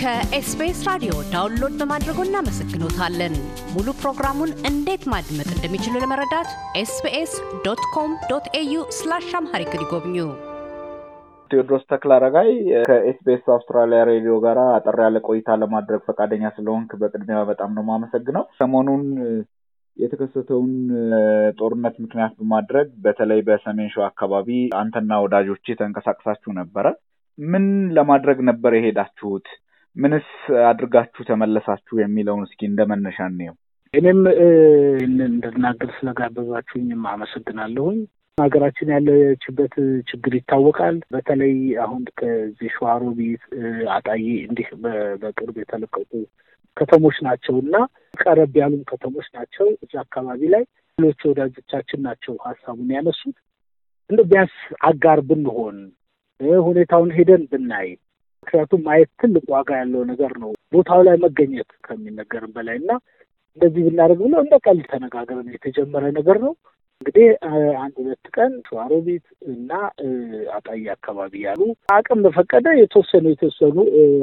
ከኤስቢኤስ ራዲዮ ዳውንሎድ በማድረጎ እናመሰግኖታለን። ሙሉ ፕሮግራሙን እንዴት ማድመጥ እንደሚችሉ ለመረዳት ኤስቢኤስ ዶት ኮም ዶት ኤዩ ስላሽ አምሃሪክ ይጎብኙ። ቴዎድሮስ ተክለ አረጋይ ከኤስቢኤስ አውስትራሊያ ሬዲዮ ጋር አጠር ያለ ቆይታ ለማድረግ ፈቃደኛ ስለሆንክ በቅድሚያ በጣም ነው የማመሰግነው። ሰሞኑን የተከሰተውን ጦርነት ምክንያት በማድረግ በተለይ በሰሜን ሸዋ አካባቢ አንተና ወዳጆች ተንቀሳቅሳችሁ ነበረ። ምን ለማድረግ ነበር የሄዳችሁት? ምንስ አድርጋችሁ ተመለሳችሁ የሚለውን እስኪ እንደመነሻ መነሻ እንየው። እኔም ይህንን እንድናገር ስለጋበዛችሁኝም አመሰግናለሁኝ። ሀገራችን ያለችበት ችግር ይታወቃል። በተለይ አሁን ከዚህ ሸዋሮቢት፣ አጣዬ እንዲህ በቅርብ የተለቀቁ ከተሞች ናቸው እና ቀረብ ያሉም ከተሞች ናቸው። እዚህ አካባቢ ላይ ሌሎች ወዳጆቻችን ናቸው ሀሳቡን ያነሱት። እንደ ቢያንስ አጋር ብንሆን ሁኔታውን ሄደን ብናይ ምክንያቱም ማየት ትልቅ ዋጋ ያለው ነገር ነው ቦታው ላይ መገኘት ከሚነገርም በላይ እና እንደዚህ ብናደርግ ብለው እንደ ቀልድ ተነጋግረን የተጀመረ ነገር ነው። እንግዲህ አንድ ሁለት ቀን ሸዋሮቢት እና አጣዬ አካባቢ ያሉ አቅም በፈቀደ የተወሰኑ የተወሰኑ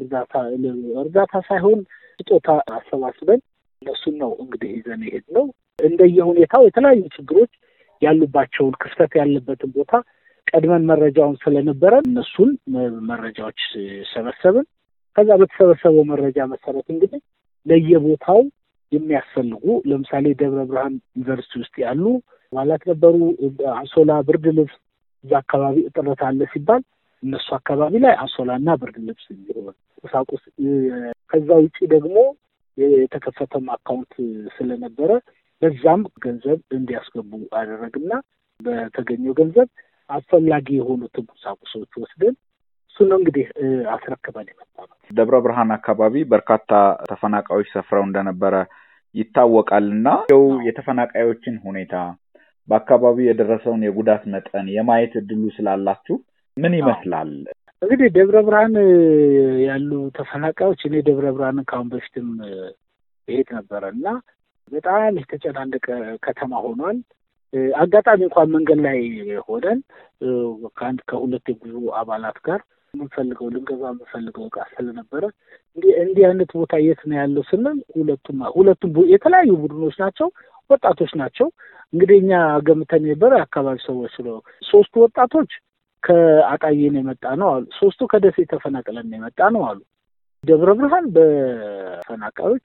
እርዳታ እርዳታ ሳይሆን ስጦታ አሰባስበን እነሱን ነው እንግዲህ ይዘን የሄድነው። ሁኔታው የተለያዩ ችግሮች ያሉባቸውን ክፍተት ያለበትን ቦታ ቀድመን መረጃውን ስለነበረን እነሱን መረጃዎች ሰበሰብን። ከዛ በተሰበሰበው መረጃ መሰረት እንግዲህ ለየቦታው የሚያስፈልጉ ለምሳሌ ደብረ ብርሃን ዩኒቨርሲቲ ውስጥ ያሉ አባላት ነበሩ። አንሶላ፣ ብርድ ልብስ እዛ አካባቢ እጥረት አለ ሲባል እነሱ አካባቢ ላይ አንሶላ እና ብርድ ልብስ የሚሆን ቁሳቁስ፣ ከዛ ውጭ ደግሞ የተከፈተም አካውንት ስለነበረ በዛም ገንዘብ እንዲያስገቡ አደረግና በተገኘው ገንዘብ አስፈላጊ የሆኑትን ቁሳቁሶች ወስደን እሱ ነው እንግዲህ አስረክበን የመጣ ነው። ደብረ ብርሃን አካባቢ በርካታ ተፈናቃዮች ሰፍረው እንደነበረ ይታወቃል እና ው የተፈናቃዮችን ሁኔታ በአካባቢው የደረሰውን የጉዳት መጠን የማየት እድሉ ስላላችሁ ምን ይመስላል? እንግዲህ ደብረ ብርሃን ያሉ ተፈናቃዮች እኔ ደብረ ብርሃንን ከአሁን በፊትም ይሄድ ነበረ እና በጣም የተጨናነቀ ከተማ ሆኗል። አጋጣሚ እንኳን መንገድ ላይ ሆነን ከአንድ ከሁለት የጉዞ አባላት ጋር የምንፈልገው ልንገዛ የምንፈልገው እቃ ስለነበረ እንዲህ አይነት ቦታ የት ነው ያለው ስንል ሁለቱም ሁለቱም የተለያዩ ቡድኖች ናቸው፣ ወጣቶች ናቸው። እንግዲህ እኛ ገምተን የነበረ አካባቢ ሰዎች ነው። ሶስቱ ወጣቶች ከአጣዬን የመጣ ነው አሉ። ሶስቱ ከደሴ ተፈናቅለን የመጣ ነው አሉ። ደብረ ብርሃን በፈናቃዮች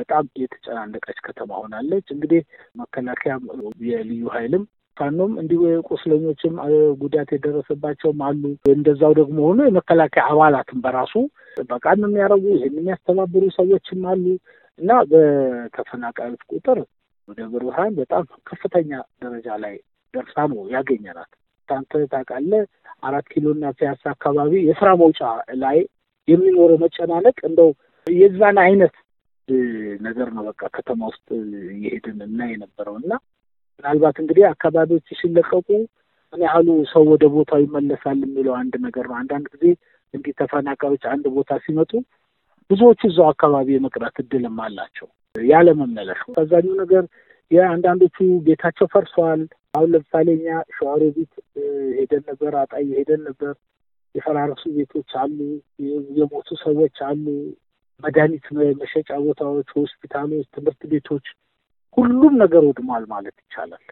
በጣም የተጨናነቀች ከተማ ሆናለች። እንግዲህ መከላከያም የልዩ ኃይልም ፋኖም እንዲሁ ቁስለኞችም ጉዳት የደረሰባቸውም አሉ። እንደዛው ደግሞ ሆኖ የመከላከያ አባላትም በራሱ ጥበቃን የሚያደርጉ ይህን የሚያስተባብሩ ሰዎችም አሉ እና በተፈናቃዮች ቁጥር ወደ ብርሃን በጣም ከፍተኛ ደረጃ ላይ ደርሳ ነው ያገኘናት። ታንተ ታውቃለህ አራት ኪሎና ፒያሳ አካባቢ የስራ መውጫ ላይ የሚኖረው መጨናነቅ እንደው የዛን አይነት ነገር ነው በቃ ከተማ ውስጥ የሄድን እና የነበረው እና ምናልባት እንግዲህ አካባቢዎች ሲለቀቁ ምን ያህሉ ሰው ወደ ቦታው ይመለሳል የሚለው አንድ ነገር ነው። አንዳንድ ጊዜ እንዲህ ተፈናቃዮች አንድ ቦታ ሲመጡ ብዙዎቹ እዛው አካባቢ የመቅረት እድልም አላቸው ያለመመለሱ። አብዛኛው ነገር የአንዳንዶቹ ቤታቸው ፈርሷል። አሁን ለምሳሌ እኛ ሸዋሮቢት ሄደን ነበር፣ አጣዬ ሄደን ነበር። የፈራረሱ ቤቶች አሉ፣ የሞቱ ሰዎች አሉ፣ መድኃኒት መሸጫ ቦታዎች፣ ሆስፒታሎች፣ ትምህርት ቤቶች ሁሉም ነገር ወድሟል ማለት ይቻላል።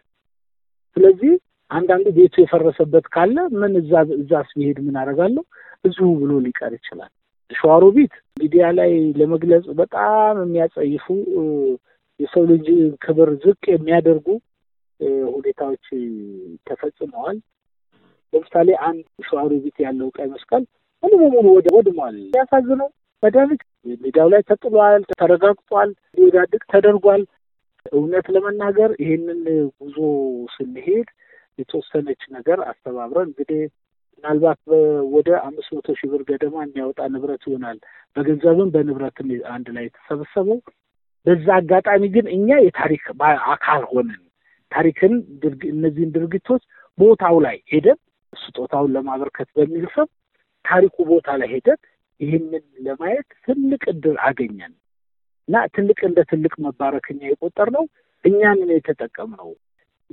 ስለዚህ አንዳንዱ ቤቱ የፈረሰበት ካለ ምን እዛ እዛስ ቢሄድ ምን አደርጋለሁ እዚሁ ብሎ ሊቀር ይችላል። ሸዋሮቢት ሚዲያ ላይ ለመግለጽ በጣም የሚያጸይፉ የሰው ልጅ ክብር ዝቅ የሚያደርጉ ሁኔታዎች ተፈጽመዋል። ለምሳሌ አንድ ሸዋሮቢት ያለው ቀይ መስቀል ሙሉ በሙሉ ወድሟል። ያሳዝነው መድኃኒት ሚዲያው ላይ ተጥሏል፣ ተረጋግጧል፣ ሊዳድቅ ተደርጓል። እውነት ለመናገር ይህንን ጉዞ ስንሄድ የተወሰነች ነገር አስተባብረን እንግዲህ ምናልባት ወደ አምስት መቶ ሺህ ብር ገደማ የሚያወጣ ንብረት ይሆናል። በገንዘብም በንብረትም አንድ ላይ የተሰበሰበው። በዛ አጋጣሚ ግን እኛ የታሪክ አካል ሆነን ታሪክን እነዚህን ድርጊቶች ቦታው ላይ ሄደን ስጦታውን ለማበርከት በሚል ሰብ ታሪኩ ቦታ ላይ ሄደን ይህንን ለማየት ትልቅ እድል አገኘን እና ትልቅ እንደ ትልቅ መባረክኛ የቆጠር ነው እኛንን ነው።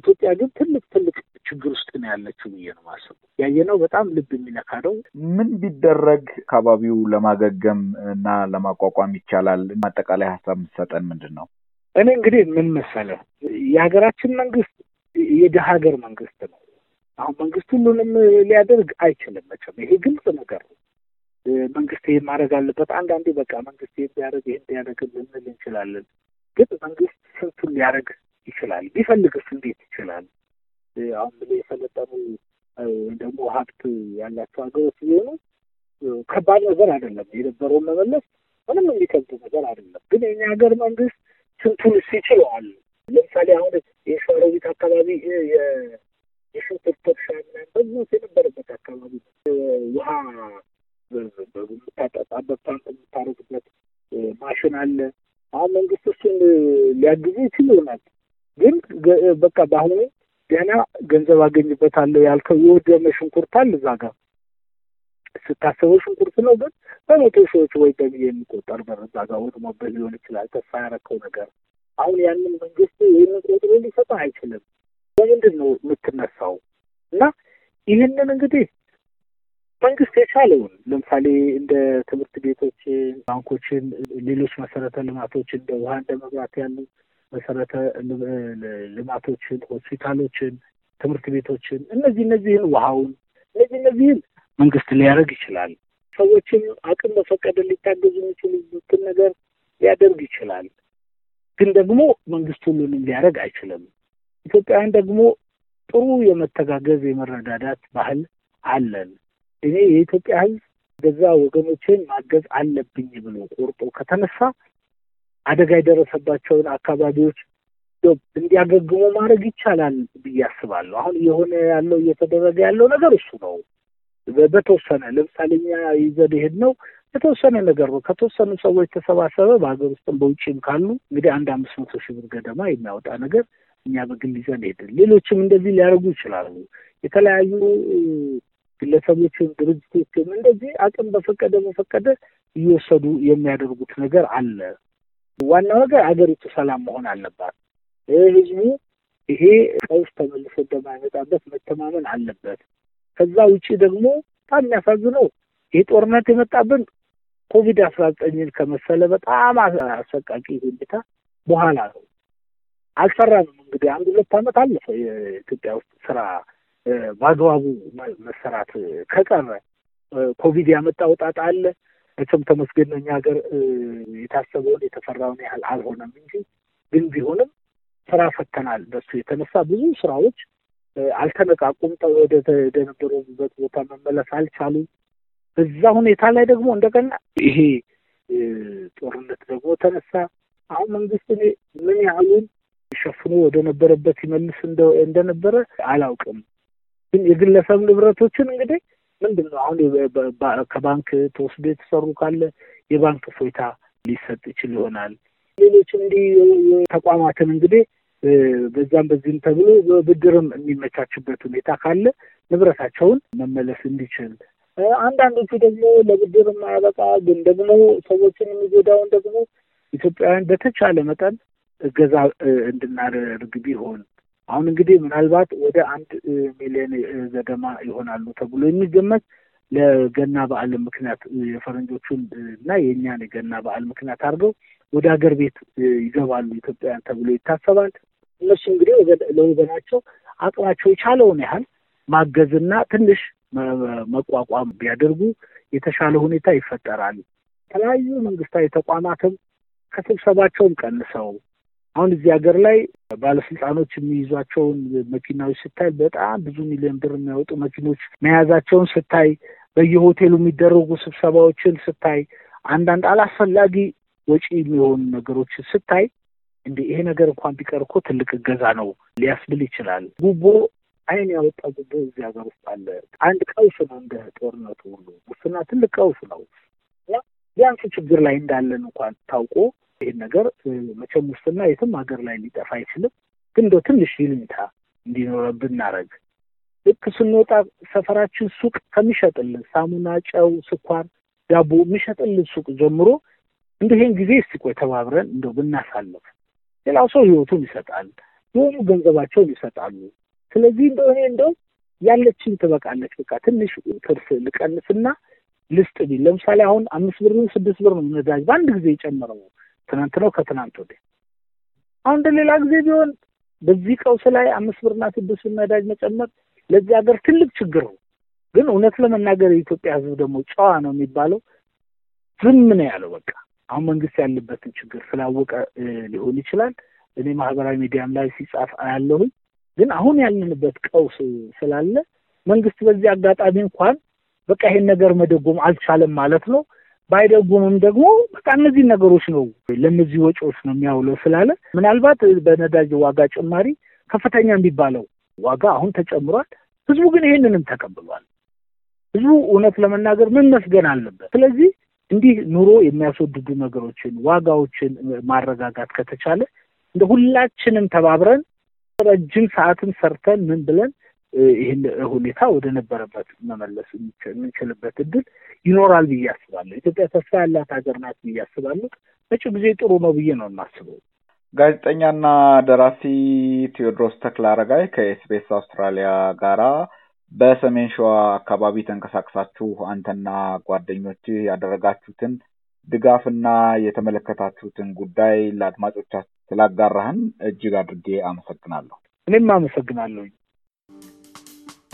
ኢትዮጵያ ግን ትልቅ ትልቅ ችግር ውስጥ ነው ያለችው ብዬ ነው ማስቡ። ያየነው በጣም ልብ የሚነካ ነው። ምን ቢደረግ አካባቢው ለማገገም እና ለማቋቋም ይቻላል? ማጠቃላይ ሀሳብ የምትሰጠን ምንድን ነው? እኔ እንግዲህ ምን መሰለ የሀገራችን መንግስት የደሀ ሀገር መንግስት ነው። አሁን መንግስት ሁሉንም ሊያደርግ አይችልም መቼም፣ ይሄ ግልጽ ነገር ነው። መንግስት ይሄን ማድረግ አለበት። አንዳንዴ በቃ መንግስት ይሄን ቢያደርግ ይሄን ቢያደርግ ልንል እንችላለን። ግን መንግስት ስንቱን ሊያደርግ ይችላል? ቢፈልግስ እንዴት ይችላል? አሁን ብሎ የሰለጠኑ ወይም ደግሞ ሀብት ያላቸው ሀገሮች ሲሆኑ ከባድ ነገር አይደለም። የነበረውን መመለስ ምንም የሚከብድ ነገር አይደለም። ግን የኛ ሀገር መንግስት ስንቱንስ ይችለዋል? ለምሳሌ አሁን የሸዋሮቢት አካባቢ የሽንኩርት እርሻ ምናምን በብዛት የነበረበት አካባቢ ውሃ የምታረግበት ማሽን አለ። አሁን መንግስት እሱን ሊያግዙ ይችል ይሆናል። ግን በቃ በአሁኑ ገና ገንዘብ አገኝበታለሁ ያልከው የወደመ ሽንኩርት አለ እዛ ጋር ስታሰበው ሽንኩርት ነው፣ ግን በመቶ ሺዎች ወይ በሚል የሚቆጠር ብር እዛ ጋር ወድሞበት ሊሆን ይችላል። ተስፋ ያረከው ነገር አሁን ያንን መንግስት ይህንን ቆጥሮ ሊሰጠ አይችልም። በምንድን ነው የምትነሳው? እና ይህንን እንግዲህ መንግስት የቻለውን ለምሳሌ እንደ ትምህርት ቤቶችን፣ ባንኮችን፣ ሌሎች መሰረተ ልማቶች እንደ ውሃ እንደ መብራት ያሉ መሰረተ ልማቶችን፣ ሆስፒታሎችን፣ ትምህርት ቤቶችን እነዚህ እነዚህን ውሃውን እነዚህ እነዚህን መንግስት ሊያደርግ ይችላል። ሰዎችም አቅም በፈቀደ ሊታገዙ የሚችሉበትን ነገር ሊያደርግ ይችላል። ግን ደግሞ መንግስት ሁሉንም ሊያደርግ አይችልም። ኢትዮጵያውያን ደግሞ ጥሩ የመተጋገዝ የመረዳዳት ባህል አለን። እኔ የኢትዮጵያ ህዝብ ገዛ ወገኖቼን ማገዝ አለብኝ ብሎ ቆርጦ ከተነሳ አደጋ የደረሰባቸውን አካባቢዎች እንዲያገግሙ ማድረግ ይቻላል ብዬ አስባለሁ። አሁን እየሆነ ያለው እየተደረገ ያለው ነገር እሱ ነው። በተወሰነ ለምሳሌ እኛ ይዘን ይሄድ ነው የተወሰነ ነገር ነው። ከተወሰኑ ሰዎች ተሰባሰበ በሀገር ውስጥም በውጭም ካሉ እንግዲህ አንድ አምስት መቶ ሺህ ብር ገደማ የሚያወጣ ነገር እኛ በግል ይዘን ሄድን። ሌሎችም እንደዚህ ሊያደርጉ ይችላሉ። የተለያዩ ግለሰቦችም ድርጅቶችም እንደዚህ አቅም በፈቀደ በፈቀደ እየወሰዱ የሚያደርጉት ነገር አለ። ዋናው ነገር አገሪቱ ሰላም መሆን አለባት። ህዝቡ ይሄ ቀውስ ተመልሶ እንደማይመጣበት መተማመን አለበት። ከዛ ውጭ ደግሞ በጣም የሚያሳዝነው ይህ ጦርነት የመጣብን ኮቪድ አስራ ዘጠኝን ከመሰለ በጣም አሰቃቂ ሁኔታ በኋላ ነው። አልሰራንም እንግዲህ አንድ ሁለት ዓመት አለፈ የኢትዮጵያ ውስጥ ስራ በአግባቡ መሰራት ከቀረ ኮቪድ ያመጣው ጣጣ አለ። እቸም ተመስገን እኛ ሀገር የታሰበውን የተፈራውን ያህል አልሆነም እንጂ ግን ቢሆንም ስራ ፈተናል። በሱ የተነሳ ብዙ ስራዎች አልተነቃቁም፣ ወደ ቦታ መመለስ አልቻሉም። በዛ ሁኔታ ላይ ደግሞ እንደገና ይሄ ጦርነት ደግሞ ተነሳ። አሁን መንግስት እኔ ምን ያህሉን ሸፍኖ ወደ ነበረበት ይመልስ እንደነበረ አላውቅም። ግን የግለሰብ ንብረቶችን እንግዲህ ምንድን ነው አሁን ከባንክ ተወስዶ የተሰሩ ካለ የባንክ እፎይታ ሊሰጥ ይችል ይሆናል። ሌሎች እንዲህ ተቋማትን እንግዲህ በዛም በዚህም ተብሎ ብድርም የሚመቻችበት ሁኔታ ካለ ንብረታቸውን መመለስ እንዲችል፣ አንዳንዶቹ ደግሞ ለብድር የማያበቃ ግን ደግሞ ሰዎችን የሚጎዳውን ደግሞ ኢትዮጵያውያን በተቻለ መጠን እገዛ እንድናደርግ ቢሆን አሁን እንግዲህ ምናልባት ወደ አንድ ሚሊዮን ገደማ ይሆናሉ ተብሎ የሚገመት ለገና በዓል ምክንያት የፈረንጆቹን እና የእኛን የገና በዓል ምክንያት አድርገው ወደ ሀገር ቤት ይገባሉ ኢትዮጵያውያን ተብሎ ይታሰባል። እነሱ እንግዲህ ለወገናቸው አቅማቸው የቻለውን ያህል ማገዝና ትንሽ መቋቋም ቢያደርጉ የተሻለ ሁኔታ ይፈጠራል። የተለያዩ መንግስታዊ ተቋማትም ከስብሰባቸውም ቀንሰው አሁን እዚህ ሀገር ላይ ባለስልጣኖች የሚይዟቸውን መኪናዎች ስታይ በጣም ብዙ ሚሊዮን ብር የሚያወጡ መኪኖች መያዛቸውን ስታይ፣ በየሆቴሉ የሚደረጉ ስብሰባዎችን ስታይ፣ አንዳንድ አላስፈላጊ ወጪ የሚሆኑ ነገሮች ስታይ እንደ ይሄ ነገር እንኳን ቢቀር እኮ ትልቅ እገዛ ነው ሊያስብል ይችላል። ጉቦ አይን ያወጣ ጉቦ እዚህ ሀገር ውስጥ አለ። አንድ ቀውስ ነው እንደ ጦርነቱ ሁሉ ሙስና ትልቅ ቀውስ ነው። ቢያንስ ችግር ላይ እንዳለን እንኳን ታውቆ ይህን ነገር መቼም ውስጥና የትም ሀገር ላይ ሊጠፋ አይችልም። ግን እንደው ትንሽ ይልምታ እንዲኖረ ብናረግ ልክ ስንወጣ ሰፈራችን ሱቅ ከሚሸጥልን ሳሙና፣ ጨው፣ ስኳር፣ ዳቦ የሚሸጥልን ሱቅ ጀምሮ እንዲህን ጊዜ እስቲ ቆይ ተባብረን እንደው ብናሳልፍ ሌላው ሰው ህይወቱን ይሰጣል፣ የሆኑ ገንዘባቸውን ይሰጣሉ። ስለዚህ እኔ እንደው ያለችን ትበቃለች። በቃ ትንሽ ትርፍ ልቀንስና ልስጥ ቢል ለምሳሌ አሁን አምስት ብር ስድስት ብር ነው ነዳጅ በአንድ ጊዜ የጨመረው ትናንት ነው ከትናንት ወዲህ አሁን እንደ ሌላ ጊዜ ቢሆን በዚህ ቀውስ ላይ አምስት ብርና ስድስት መዳጅ ነዳጅ መጨመር ለዚህ ሀገር ትልቅ ችግር ነው። ግን እውነት ለመናገር የኢትዮጵያ ሕዝብ ደግሞ ጨዋ ነው የሚባለው ዝም ነው ያለው። በቃ አሁን መንግስት ያለበትን ችግር ስላወቀ ሊሆን ይችላል። እኔ ማህበራዊ ሚዲያም ላይ ሲጻፍ አያለሁኝ። ግን አሁን ያለንበት ቀውስ ስላለ መንግስት በዚህ አጋጣሚ እንኳን በቃ ይሄን ነገር መደጎም አልቻለም ማለት ነው። ባይደጉምም ደግሞ በቃ እነዚህ ነገሮች ነው ለእነዚህ ወጪዎች ነው የሚያውለው ስላለ ምናልባት በነዳጅ ዋጋ ጭማሪ ከፍተኛ የሚባለው ዋጋ አሁን ተጨምሯል። ህዝቡ ግን ይህንንም ተቀብሏል። ህዝቡ እውነት ለመናገር ምን መስገን አለበት። ስለዚህ እንዲህ ኑሮ የሚያስወድዱ ነገሮችን፣ ዋጋዎችን ማረጋጋት ከተቻለ እንደ ሁላችንም ተባብረን ረጅም ሰዓትን ሰርተን ምን ብለን ይህን ሁኔታ ወደ ነበረበት መመለስ የምንችልበት እድል ይኖራል ብዬ አስባለሁ። ኢትዮጵያ ተስፋ ያላት ሀገር ናት ብዬ አስባለሁ። መጪው ጊዜ ጥሩ ነው ብዬ ነው የማስበው። ጋዜጠኛና ደራሲ ቴዎድሮስ ተክለ አረጋይ ከኤስቤስ አውስትራሊያ ጋራ በሰሜን ሸዋ አካባቢ ተንቀሳቅሳችሁ አንተና ጓደኞች ያደረጋችሁትን ድጋፍና የተመለከታችሁትን ጉዳይ ለአድማጮቻችሁ ስላጋራህን እጅግ አድርጌ አመሰግናለሁ። እኔም አመሰግናለሁ።